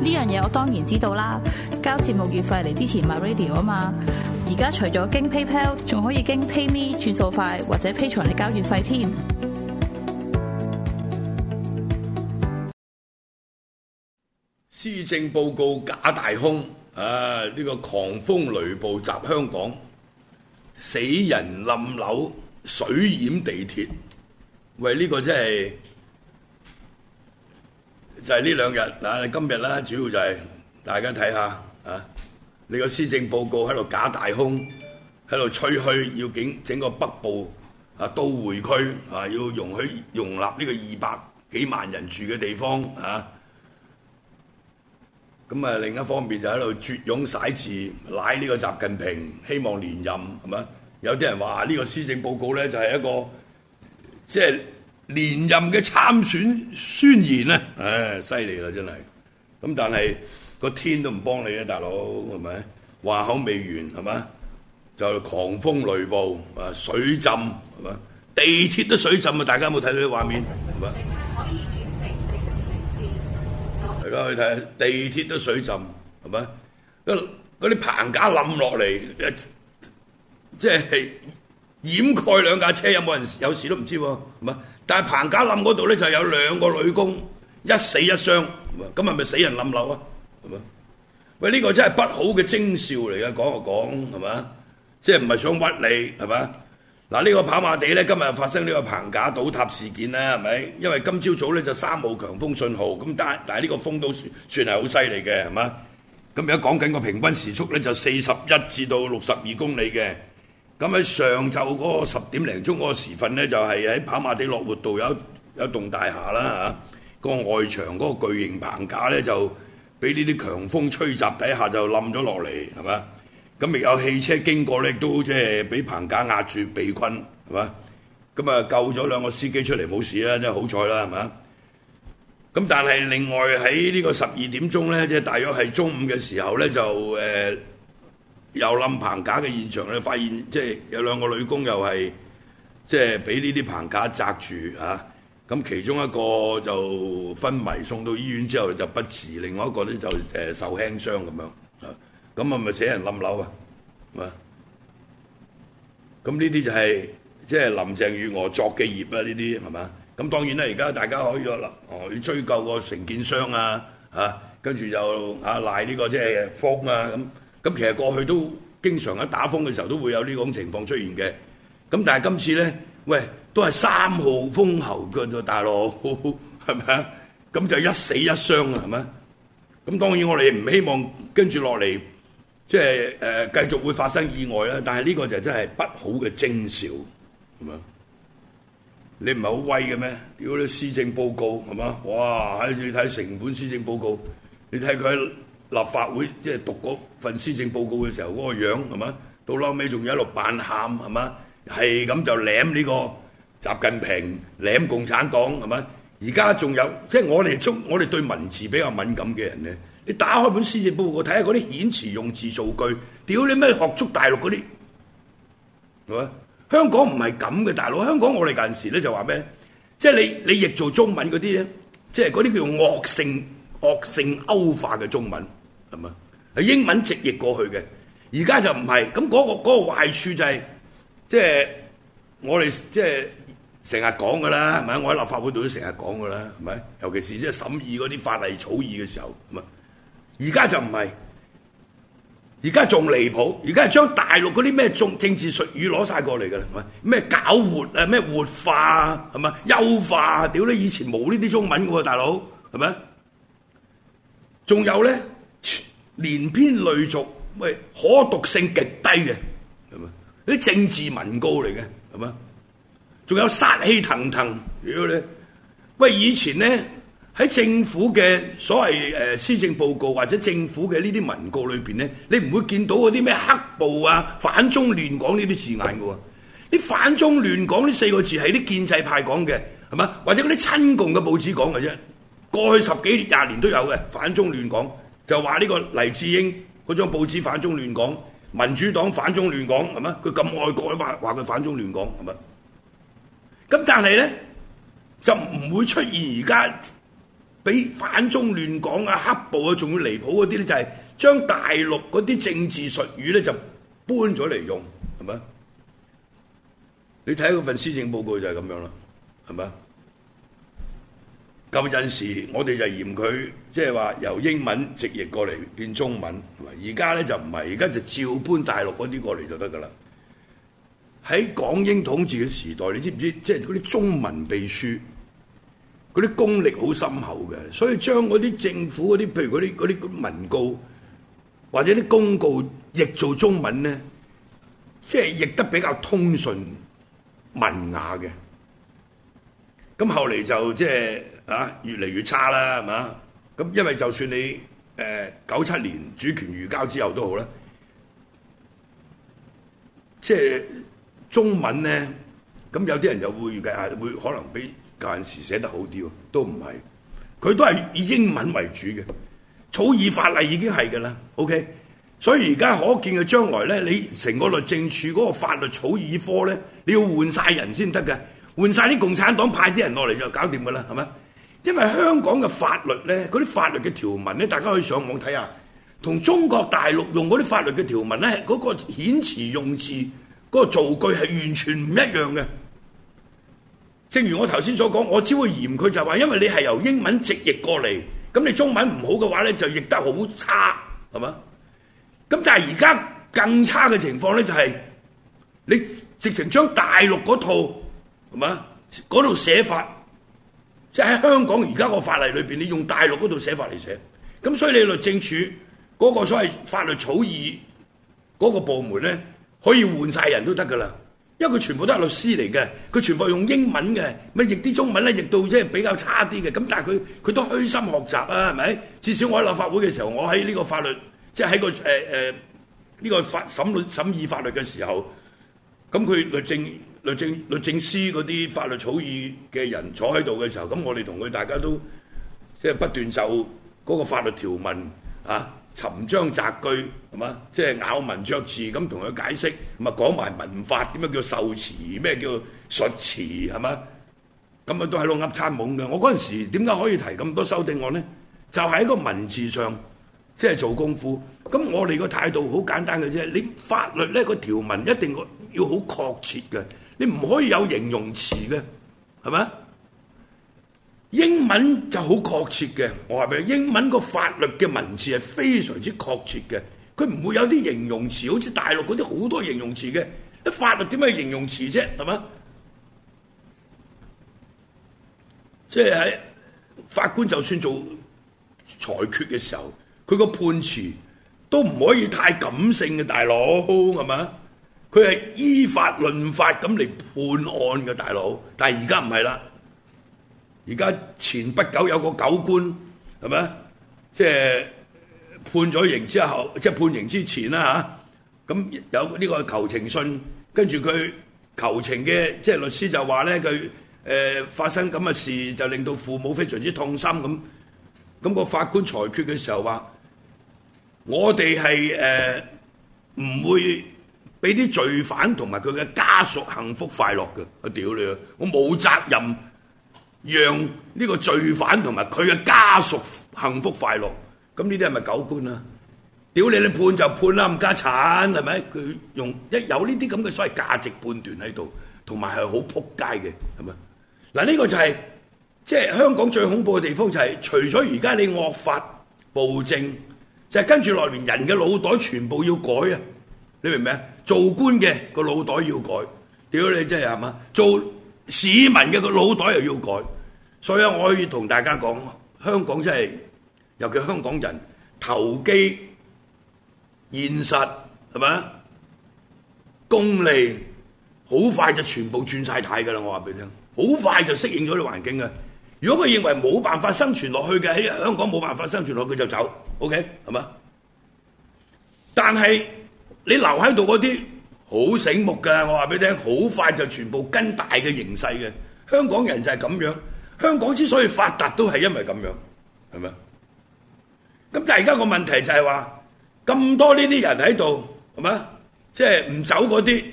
呢樣嘢我當然知道啦，交節目月費嚟之前買 radio 啊嘛。而家除咗經 PayPal，仲可以經 PayMe 轉數快或者 Pay 財嚟交月費添。施政報告假大空，啊！呢、這個狂風雷暴襲香港，死人冧樓、水淹地鐵，喂！呢、這個真係～就係呢兩日嗱，今日啦，主要就係、是、大家睇下啊，你個施政報告喺度假大空，喺度吹噓，要整整個北部啊都會區啊，要容許容納呢個二百幾萬人住嘅地方啊，咁啊另一方面就喺度濁勇洗字，乃呢個習近平希望連任，係咪？有啲人話呢、啊呢個施政報告咧就係、是、一個即係。就是連任嘅參選宣言咧，唉，犀利啦，真係。咁但係個天都唔幫你啊，大佬係咪？話口未完係嘛？就狂風雷暴啊，水浸係嘛？地鐵都水浸啊！大家有冇睇到啲畫面？係嘛？ 大家去睇下地鐵都水浸係咪？嗰啲棚架冧落嚟，即係掩蓋兩架車有有，有冇人有事都唔知喎？係嘛？但係棚架冧嗰度咧，就有兩個女工一死一傷，咁係咪死人冧樓啊？係咪？喂，呢個真係不好嘅徵兆嚟嘅，講就講係嘛，即係唔係想屈你係嘛？嗱，呢個跑馬地咧，今日發生呢個棚架倒塌事件啦，係咪？因為今朝早咧就三號強風信號，咁但係但係呢個風都算係好犀利嘅，係嘛？咁而家講緊個平均時速咧就四十一至到六十二公里嘅。咁喺上晝嗰個十點零鐘嗰個時分咧，就係喺跑馬地樂活道有有棟大廈啦嚇，個外牆嗰個巨型棚架呢，就俾呢啲強風吹襲底下就冧咗落嚟，係嘛？咁亦有汽車經過咧，都即係俾棚架壓住被困，係嘛？咁啊救咗兩個司機出嚟冇事啦，即係好彩啦，係嘛？咁但係另外喺呢個十二點鐘呢，即係大約係中午嘅時候呢，就誒。呃又冧棚架嘅現場咧，發現即係、就是、有兩個女工又係即係俾呢啲棚架砸住嚇，咁、啊、其中一個就昏迷送到醫院之後就不治，另外一個咧就誒受輕傷咁樣啊，咁係咪死人冧樓啊？咁啊，咁呢啲就係即係林鄭月娥作嘅孽啦，呢啲係嘛？咁當然啦，而家大家可以話追究個承建商啊，嚇、啊，跟住又啊賴呢、這個即係、就是、風啊咁。啊咁其實過去都經常喺打風嘅時候都會有呢種情況出現嘅。咁但係今次呢，喂，都係三號風球嘅，大佬係咪啊？咁就一死一傷啊，係咪啊？咁當然我哋唔希望跟住落嚟，即係誒繼續會發生意外啦。但係呢個就真係不好嘅徵兆，係咪啊？你唔係好威嘅咩？屌你施政報告係咪啊？哇，喺你睇成本施政報告，你睇佢。立法會即係讀嗰份施政報告嘅時候，嗰個樣係嘛？到後尾仲一路扮喊係嘛？係咁就舐呢個習近平，舐共產黨係嘛？而家仲有即係我哋中，我哋對文字比較敏感嘅人咧，你打開本施政報告睇下嗰啲遣詞用字造句，屌你咩學足大陸嗰啲係嘛？香港唔係咁嘅大佬，香港我哋近時咧就話咩？即係你你譯做中文嗰啲咧，即係嗰啲叫做惡性惡性歐化嘅中文。係咪？係英文直譯過去嘅，而家就唔係。咁嗰個嗰個壞處就係，即係我哋即係成日講噶啦，係咪？我喺立法會度都成日講噶啦，係咪？尤其是即係審議嗰啲法例草議嘅時候，係咪？而家就唔係，而家仲離譜。而家係將大陸嗰啲咩中政治術語攞晒過嚟噶啦，係咪？咩搞活啊，咩活化啊，係咪？優化，屌你！以前冇呢啲中文嘅，大佬係咪？仲有咧？連篇累牘，喂，可讀性極低嘅，係嘛？啲政治文告嚟嘅，係嘛？仲有殺氣騰騰，如果你喂以前咧喺政府嘅所謂誒施政報告或者政府嘅呢啲文告裏邊咧，你唔會見到嗰啲咩黑暴啊、反中亂港呢啲字眼嘅喎。啲反中亂港呢四個字係啲建制派講嘅，係嘛？或者嗰啲親共嘅報紙講嘅啫。過去十幾廿年都有嘅反中亂港。就話呢個黎智英嗰張報紙反中亂港，民主黨反中亂港係咩？佢咁愛國都話話佢反中亂港係咪？咁但係咧就唔會出現而家比反中亂港啊黑暴啊仲要離譜嗰啲咧，就係將大陸嗰啲政治術語咧就搬咗嚟用係咪？你睇嗰份施政報告就係咁樣啦，係咪？舊陣時，我哋就嫌佢即係話由英文直譯過嚟變中文。而家咧就唔係，而家就照搬大陸嗰啲過嚟就得㗎啦。喺港英統治嘅時代，你知唔知？即係嗰啲中文秘書，嗰啲功力好深厚嘅，所以將嗰啲政府嗰啲，譬如嗰啲啲文告或者啲公告譯做中文咧，即係譯得比較通順文雅嘅。咁後嚟就即係。啊，越嚟越差啦，係嘛？咁因為就算你誒九七年主權移交之後都好啦，即係中文咧，咁有啲人就會預計啊，會可能比舊陣時寫得好啲喎，都唔係，佢都係以英文為主嘅。草擬法例已經係嘅啦，OK。所以而家可見嘅將來咧，你成個律政處嗰個法律草擬科咧，你要換晒人先得嘅，換晒啲共產黨派啲人落嚟就搞掂㗎啦，係咪？因為香港嘅法律呢，嗰啲法律嘅條文呢，大家可以上網睇下，同中國大陸用嗰啲法律嘅條文呢，嗰、嗰個遣詞用字、嗰、嗰個造句係完全唔一樣嘅。正如我頭先所講，我只會嫌佢就係話，因為你係由英文直譯過嚟，咁你中文唔好嘅話呢，就譯得好差，係嘛？咁但係而家更差嘅情況呢、就係，就係你直情將大陸嗰套係嘛，嗰度寫法。即係喺香港而家個法例裏邊，你用大陸嗰度寫法嚟寫，咁所以你律政處嗰個所謂法律草擬嗰個部門咧，可以換晒人都得噶啦，因為佢全部都係律師嚟嘅，佢全部用英文嘅，咪譯啲中文咧譯到即係比較差啲嘅。咁但係佢佢都虛心學習啊，係咪？至少我喺立法會嘅時候，我喺呢個法律，即係喺個誒誒呢個法審律審議法律嘅時候。咁佢律政律政律政司嗰啲法律草擬嘅人坐喺度嘅時候，咁我哋同佢大家都即係不斷就嗰個法律條文啊，尋章摘句係嘛，即係、就是、咬文嚼字咁同佢解釋，咁啊講埋文法點樣叫受詞，咩叫述詞，係嘛，咁啊都喺度呃餐懵嘅。我嗰陣時點解可以提咁多修正案咧？就係、是、一個文字上。即係做功夫，咁我哋個態度好簡單嘅啫。你法律咧個條文一定要好確切嘅，你唔可以有形容詞嘅，係咪？英文就好確切嘅，我話俾你，英文個法律嘅文字係非常之確切嘅，佢唔會有啲形容詞，好似大陸嗰啲好多形容詞嘅，啲法律點解係形容詞啫，係咪？即係喺法官就算做裁決嘅時候。佢個判詞都唔可以太感性嘅，大佬，係咪？佢係依法論法咁嚟判案嘅，大佬。但係而家唔係啦，而家前不久有個狗官，係咪？即係判咗刑之後，即係判刑之前啦嚇。咁有呢個求情信，跟住佢求情嘅即係律師就話咧，佢誒發生咁嘅事就令到父母非常之痛心咁。咁個法官裁決嘅時候話，我哋係誒唔會俾啲罪犯同埋佢嘅家屬幸福快樂嘅，我屌你啊！我冇責任讓呢個罪犯同埋佢嘅家屬幸福快樂。咁呢啲係咪狗官啊？屌你！你判就判啦，唔家產係咪？佢用一有呢啲咁嘅所謂價值判斷喺度，同埋係好撲街嘅，係咪？嗱，呢個就係即係香港最恐怖嘅地方就係、是，除咗而家你惡法暴政。就係跟住落嚟，人嘅腦袋全部要改啊！你明唔明啊？做官嘅個腦袋要改，屌你真係係嘛？做市民嘅個腦袋又要改，所以我可以同大家講，香港真係，尤其香港人投機、現實係咪、功利，好快就全部轉曬態㗎啦！我話俾你聽，好快就適應咗啲環境嘅。如果佢認為冇辦法生存落去嘅，喺香港冇辦法生存落去，佢就走，OK，係嘛？但係你留喺度嗰啲好醒目㗎，我話俾你聽，好快就全部跟大嘅形勢嘅，香港人就係咁樣。香港之所以發達都係因為咁樣，係咪？咁但係而家個問題就係話咁多呢啲人喺度，係嘛？即係唔走嗰啲。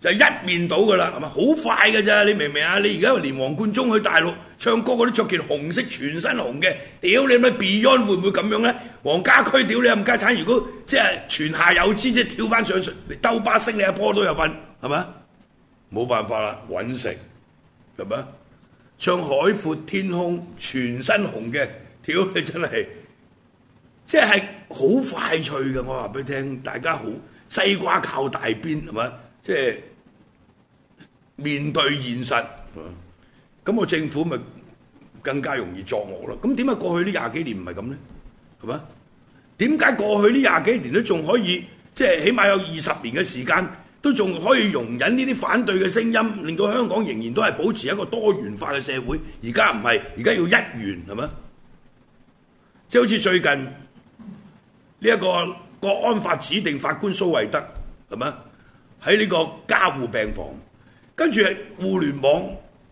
就一面倒噶啦，係嘛？好快嘅咋，你明唔明啊？你而家連黃貫中去大陸唱歌，我都著件紅色全身紅嘅。屌 你咪 Beyond 會唔會咁樣咧？黃家駒屌你啊！冚家鏟，如果即係泉下有知，即係跳翻上嚟兜巴星，你阿波都有份，係嘛？冇辦法啦，揾食係嘛？唱海闊天空全身紅嘅，屌你真係！即係好快脆嘅，我話俾你聽，大家好西瓜靠大邊係嘛？即係。面對現實，咁我政府咪更加容易作惡咯？咁點解過去呢廿幾年唔係咁呢？係嘛？點解過去呢廿幾年都仲可以，即係起碼有二十年嘅時間，都仲可以容忍呢啲反對嘅聲音，令到香港仍然都係保持一個多元化嘅社會？而家唔係，而家要一元係嘛？即係好似最近呢一個國安法指定法官蘇慧德係嘛？喺呢個加護病房。跟住係互聯網、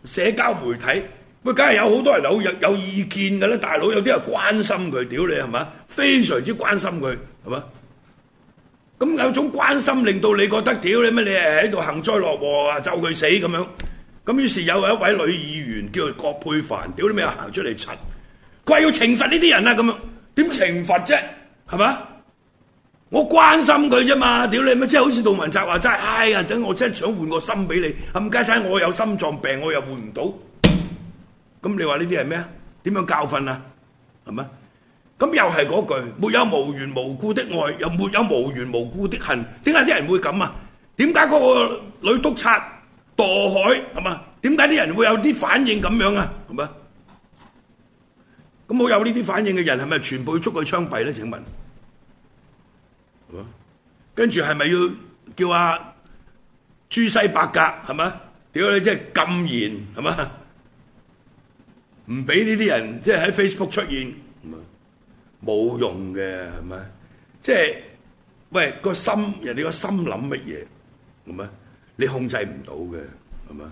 社交媒體，喂，梗係有好多人有有，有意見嘅咧。大佬有啲人關心佢，屌你係嘛？非常之關心佢，係嘛？咁有種關心令到你覺得屌你咩？你係喺度幸災樂禍啊？咒佢死咁樣。咁於是有一位女議員叫郭佩凡，屌你咩行出嚟柒！佢話要懲罰呢啲人啊？咁樣點懲罰啫？係嘛？我關心佢啫嘛，屌你咪，即係好似杜汶澤話齋，哎呀，等我真係想換個心俾你，冚家鏟，我有心臟病，我又換唔到，咁 你話呢啲係咩啊？點樣教訓啊？係咪？咁又係嗰句，沒有無緣無故的愛，又沒有無緣無故的恨，點解啲人會咁啊？點解嗰個女督察墮海係咪？點解啲人會有啲反應咁樣啊？係咪？咁冇有呢啲反應嘅人，係咪全部要捉佢槍斃咧？請問？跟住係咪要叫阿、啊、朱西伯格係嘛？屌你即係禁言係嘛？唔俾呢啲人即係喺 Facebook 出現，冇用嘅係咪？即係喂、那個心人哋個心諗乜嘢，係咪？你控制唔到嘅係咪？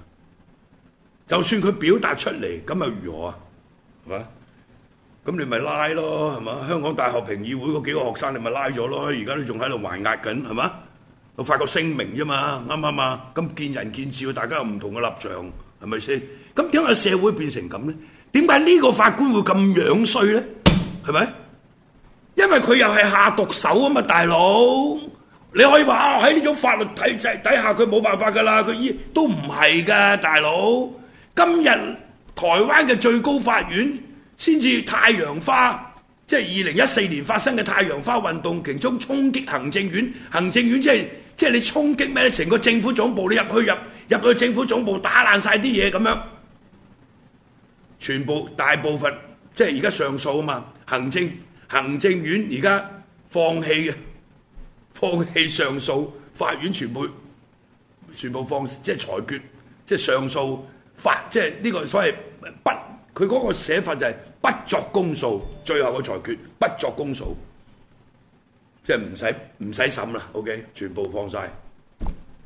就算佢表達出嚟，咁又如何啊？係嘛？咁你咪拉咯，係嘛？香港大學評議會嗰幾個學生，你咪拉咗咯。而家你仲喺度還押緊，係嘛？我發個聲明啫嘛，啱唔啱啊？咁見仁見智，大家有唔同嘅立場，係咪先？咁點解社會變成咁咧？點解呢個法官會咁樣衰咧？係咪？因為佢又係下毒手啊嘛，大佬！你可以話喺呢種法律體制底下，佢冇辦法噶啦，佢依都唔係噶，大佬。今日台灣嘅最高法院。先至太陽花，即係二零一四年發生嘅太陽花運動，其中衝擊行政院，行政院即係即係你衝擊咩咧？成個政府總部你入去入入去政府總部打爛晒啲嘢咁樣，全部大部分即係而家上訴啊嘛，行政行政院而家放棄嘅，放棄上訴，法院全部全部放即係裁決，即係上訴法，即係呢個所謂不。佢嗰個寫法就係不作公訴，最後嘅裁決不作公訴，即係唔使唔使審啦。OK，全部放曬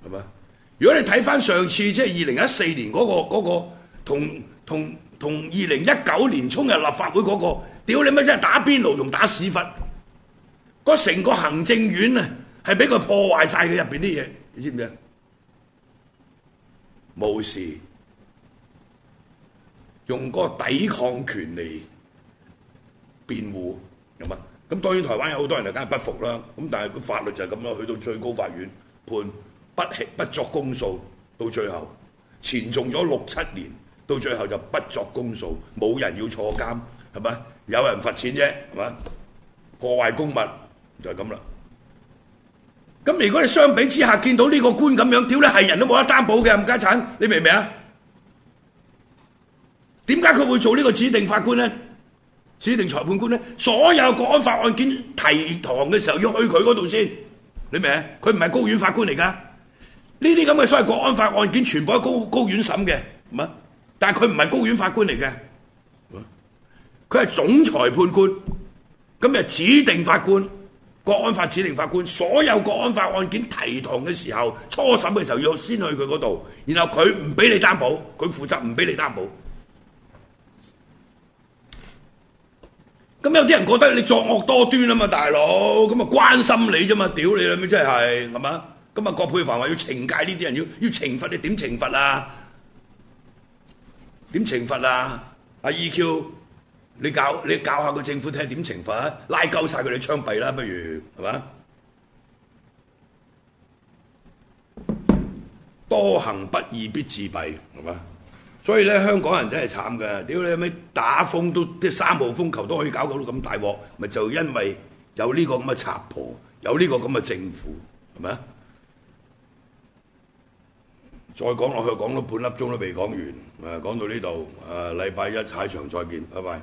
係咪？如果你睇翻上次即係二零一四年嗰個嗰個同同同二零一九年衝入立法會嗰個，屌你媽！真係打邊爐用打屎忽，嗰成個行政院啊，係俾佢破壞曬佢入邊啲嘢，你知唔知啊？冇事。用嗰個抵抗權嚟辯護，係嘛？咁當然台灣有好多人就梗係不服啦。咁但係個法律就係咁咯。去到最高法院判不起不作公訴，到最後前重咗六七年，到最後就不作公訴，冇人要坐監，係咪？有人罰錢啫，係咪？破壞公物就係咁啦。咁如果你相比之下，見到呢個官咁樣，屌你係人都冇得擔保嘅，冚家鏟，你明唔明啊？而家佢會做呢個指定法官咧，指定裁判官咧，所有國安法案件提堂嘅時候要去佢嗰度先，你明？佢唔係高院法官嚟噶，呢啲咁嘅所謂國安法案件全部喺高高院審嘅，唔係？但係佢唔係高院法官嚟嘅，佢係總裁判官，咁就指定法官，國安法指定法官，所有國安法案件提堂嘅時候，初審嘅時候要先去佢嗰度，然後佢唔俾你擔保，佢負責唔俾你擔保。咁有啲人覺得你作惡多端啊嘛，大佬，咁啊關心你啫嘛，屌你啦，咁真係係嘛？咁啊，郭佩凡話要懲戒呢啲人，要要懲罰你點懲罰啊？點懲罰啊？阿 EQ，你教你教下個政府睇點懲罰，拉鳩曬佢哋槍斃啦，不如係嘛？多行不義必自斃，係嘛？所以呢，香港人真係慘嘅。屌你打風都啲三號風球都可以搞到咁大鑊，咪就因為有呢個咁嘅賊婆，有呢個咁嘅政府，係咪？再講落去，講到半粒鐘都未講完。誒，講到呢度。誒、呃，禮拜一踩場再見，拜拜。